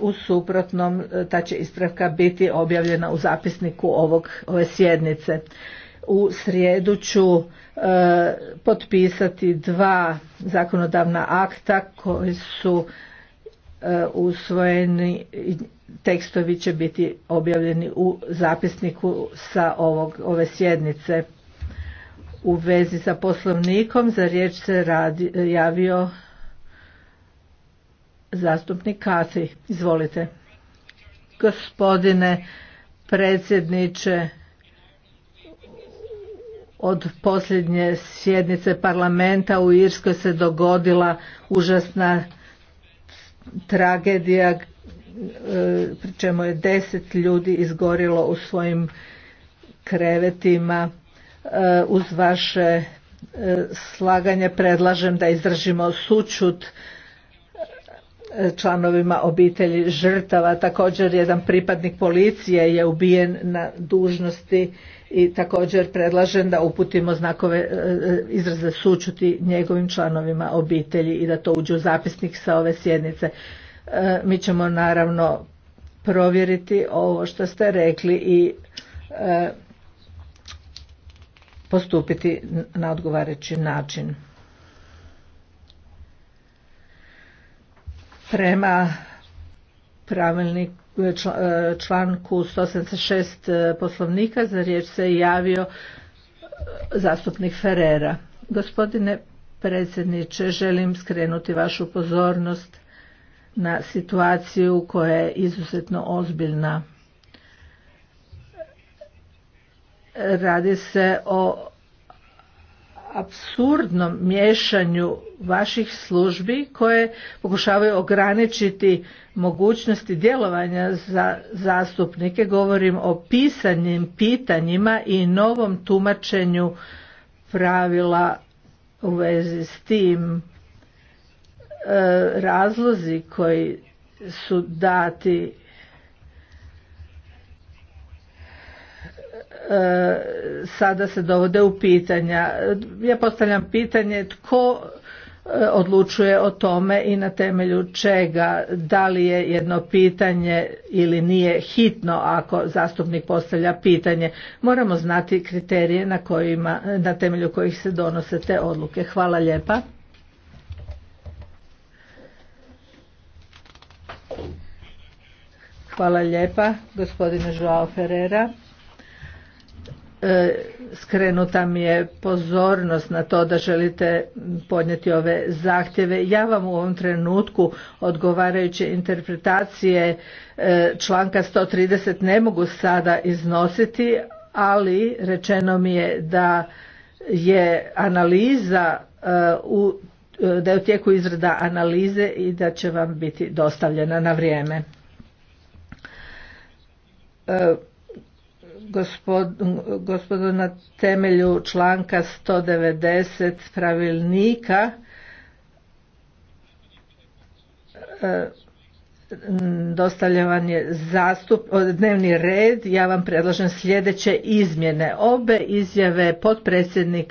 u suprotnom e, ta će ispravka biti objavljena u zapisniku ovog, ove sjednice. U srijedu ću e, potpisati dva zakonodavna akta koji su e, usvojeni i tekstovi će biti objavljeni u zapisniku sa ovog, ove sjednice. U vezi sa poslovnikom za riječ se radi, javio Zastupnik Kati, izvolite. Gospodine predsjedniče, od posljednje sjednice parlamenta u Irskoj se dogodila užasna tragedija e, pri čemu je deset ljudi izgorilo u svojim krevetima e, uz vaše e, slaganje predlažem da izražimo sućut članovima obitelji žrtava. Također jedan pripadnik policije je ubijen na dužnosti i također predlažem da uputimo znakove e, e, izraze sučuti njegovim članovima obitelji i da to uđe u zapisnik sa ove sjednice. E, mi ćemo naravno provjeriti ovo što ste rekli i postupiti na odgovarajući način. prema pravilniku e, e, članku 186 e, poslovnika za riječ se javio zastupnik ferera Gospodine predsjedniče, želim skrenuti vašu pozornost na situaciju koja je izuzetno ozbiljna. Radi se o apsurdnom miješanju vaših službi koje pokušavaju ograničiti mogućnosti djelovanja za zastupnike. Govorim o pisanim pitanjima i novom tumačenju pravila u vezi s tim e, razlozi koji su dati E, sada se dovode u pitanja. Ja postavljam pitanje tko e, odlučuje o tome i na temelju čega, da li je jedno pitanje ili nije hitno ako zastupnik postavlja pitanje. Moramo znati kriterije na, kojima, na temelju kojih se donose te odluke. Hvala lijepa. Hvala lijepa gospodine Joao Ferreira. E, skrenuta mi je pozornost na to da želite podnijeti ove zahtjeve. Ja vam u ovom trenutku odgovarajuće interpretacije e, članka 130 ne mogu sada iznositi, ali rečeno mi je da je analiza e, u da je u tijeku izrada analize i da će vam biti dostavljena na vrijeme gospodo na temelju članka 190 pravilnika e, dostavljen vam je zastup, dnevni red, ja vam predlažem sljedeće izmjene. Obe izjave potpredsjednika